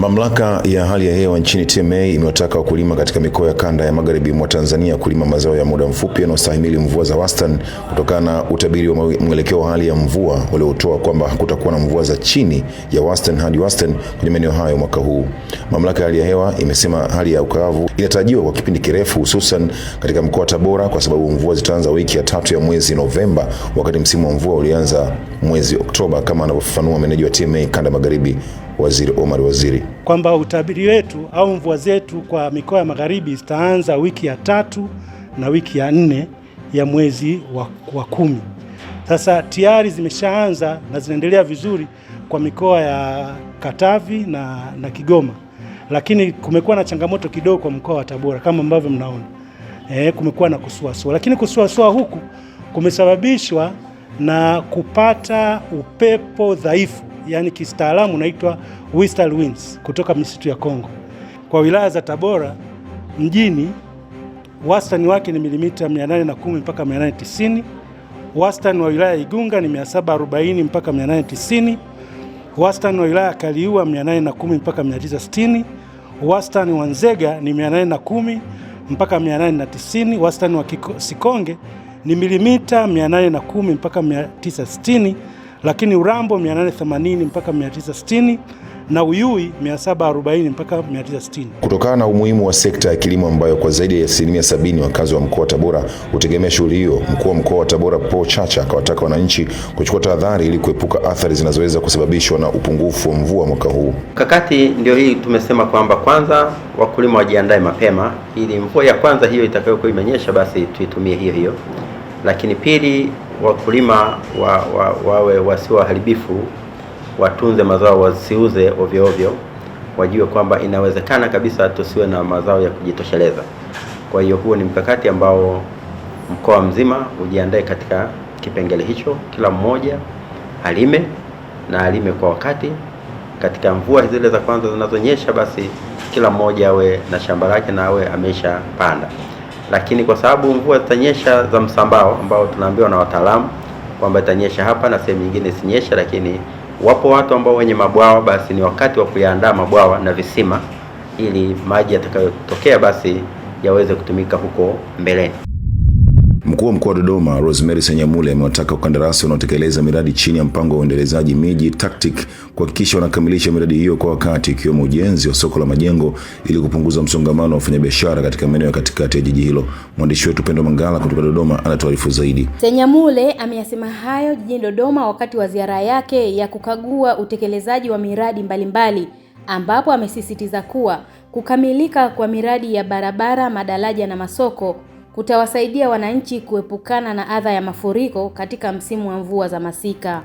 Mamlaka ya hali ya hewa nchini TMA imewataka wakulima katika mikoa ya kanda ya magharibi mwa Tanzania kulima mazao ya muda mfupi yanayostahimili mvua za wastani kutokana na utabiri wa mwelekeo wa hali ya mvua waliotoa kwamba hakutakuwa na mvua za chini ya wastani hadi wastani kwenye maeneo hayo mwaka huu. Mamlaka ya hali ya hewa imesema hali ya ukavu inatarajiwa kwa kipindi kirefu, hususan katika mkoa wa Tabora kwa sababu mvua zitaanza wiki ya tatu ya mwezi Novemba, wakati msimu wa mvua ulianza mwezi Oktoba, kama anavyofafanua meneja wa TMA kanda magharibi Waziri Omar Waziri kwamba utabiri wetu au mvua zetu kwa mikoa ya magharibi zitaanza wiki ya tatu na wiki ya nne ya mwezi wa, wa kumi. Sasa tayari zimeshaanza na zinaendelea vizuri kwa mikoa ya Katavi na, na Kigoma, lakini kumekuwa na changamoto kidogo kwa mkoa wa Tabora kama ambavyo mnaona e, kumekuwa na kusuasua, lakini kusuasua huku kumesababishwa na kupata upepo dhaifu yani kistaalamu unaitwa Western Winds kutoka misitu ya Kongo. Kwa wilaya za Tabora mjini wastani wake ni milimita 810 mpaka 890. Wastani wa wilaya Igunga ni 740 mpaka 890. Wastani wa wilaya Kaliua 810 mpaka 960. Wastani wa Nzega ni 810 mpaka 890. Wastani wa Sikonge ni milimita 810 mpaka 960 lakini Urambo 880 mpaka 960 na Uyui 740 mpaka 960. Kutokana na umuhimu wa sekta ya kilimo ambayo kwa zaidi ya asilimia sabini wakazi wa mkoa wa Tabora hutegemea shughuli hiyo, mkuu wa mkoa wa Tabora Paul Chacha akawataka wananchi kuchukua tahadhari ili kuepuka athari zinazoweza kusababishwa na upungufu wa mvua mwaka huu. Kakati ndio hii, tumesema kwamba kwanza wakulima wajiandae mapema ili mvua ya kwanza hiyo itakayokuwa imenyesha basi tuitumie hiyo hiyo lakini pili, wakulima wa, wa, wawe wasio waharibifu, watunze mazao, wasiuze ovyo ovyo, wajue kwamba inawezekana kabisa tusiwe na mazao ya kujitosheleza. Kwa hiyo huo ni mkakati ambao mkoa mzima ujiandae katika kipengele hicho, kila mmoja alime na alime kwa wakati. Katika mvua zile za kwanza zinazonyesha, basi kila mmoja awe na shamba lake na awe ameshapanda lakini kwa sababu mvua zitanyesha za msambao ambao tunaambiwa na wataalamu kwamba itanyesha hapa na sehemu nyingine sinyesha, lakini wapo watu ambao wenye mabwawa, basi ni wakati wa kuyaandaa mabwawa na visima ili maji yatakayotokea basi yaweze kutumika huko mbeleni. Mkuu wa mkoa wa Dodoma Rosemary Senyamule amewataka wakandarasi wanaotekeleza miradi chini ya mpango wa uendelezaji miji TACTIC kuhakikisha wanakamilisha miradi hiyo kwa wakati, ikiwemo ujenzi wa soko la majengo ili kupunguza msongamano wa wafanyabiashara katika maeneo ya katikati ya jiji hilo. Mwandishi wetu Pendo Mangala kutoka Dodoma anatuarifu zaidi. Senyamule ameyasema hayo jijini Dodoma wakati wa ziara yake ya kukagua utekelezaji wa miradi mbalimbali mbali, ambapo amesisitiza kuwa kukamilika kwa miradi ya barabara, madaraja na masoko kutawasaidia wananchi kuepukana na adha ya mafuriko katika msimu wa mvua za masika.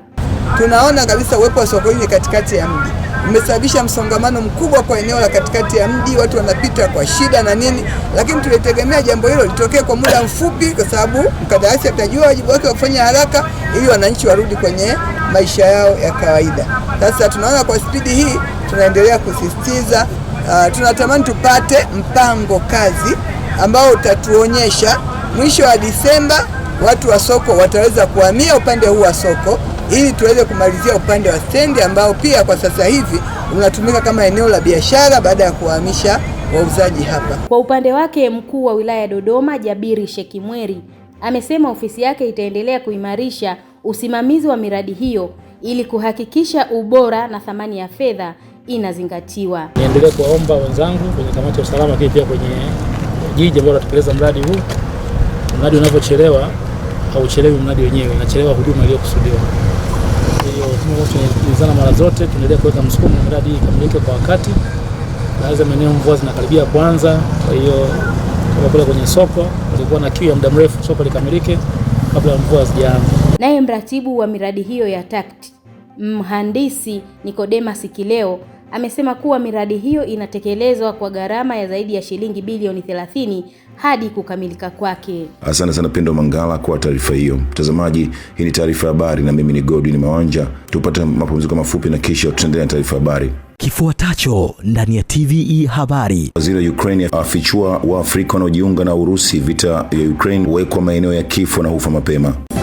Tunaona kabisa uwepo wa soko hili katikati ya mji umesababisha msongamano mkubwa kwa eneo la katikati ya mji, watu wanapita kwa shida na nini, lakini tulitegemea jambo hilo litokee kwa muda mfupi, kwa sababu mkandarasi atajua wajibu wake wa kufanya haraka ili wananchi warudi kwenye maisha yao ya kawaida. Sasa tunaona kwa spidi hii, tunaendelea kusisitiza uh, tunatamani tupate mpango kazi ambao utatuonyesha mwisho wa Disemba watu wa soko wataweza kuhamia upande huu wa soko ili tuweze kumalizia upande wa stendi ambao pia kwa sasa hivi unatumika kama eneo la biashara baada ya kuhamisha wauzaji hapa. Kwa upande wake, mkuu wa wilaya Dodoma Jabiri Shekimweri amesema ofisi yake itaendelea kuimarisha usimamizi wa miradi hiyo ili kuhakikisha ubora na thamani ya fedha inazingatiwa. Niendelee kuwaomba wenzangu kwenye kamati ya usalama, lakini pia kwenye jiji ambao unatekeleza mradi huu. Mradi unavyochelewa hauchelewi mradi wenyewe, unachelewa huduma iliyokusudiwa. Kwa hiyo tunazana mara zote, tunaendelea kuweka msukumo mradi ikamilike kwa wakati. Baadhi ya maeneo mvua zinakaribia kwanza kwa hiyo kama kule kwenye soko walikuwa na kiu ya muda mrefu, soko likamilike kabla ya mvua hazijaanza. Naye mratibu wa miradi hiyo ya TACT mhandisi Nikodema Sikileo amesema kuwa miradi hiyo inatekelezwa kwa gharama ya zaidi ya shilingi bilioni 30 hadi kukamilika kwake. Asante sana Pendo Mangala kwa taarifa hiyo. Mtazamaji, hii ni taarifa ya habari na mimi ni Godwin Mawanja. Tupate mapumziko mafupi na kisha tutaendelea na taarifa ya habari. Kifuatacho ndani ya TVE habari. Waziri wa Ukraine afichua Waafrika wanaojiunga na Urusi vita ya Ukraine huwekwa maeneo ya kifo na hufa mapema.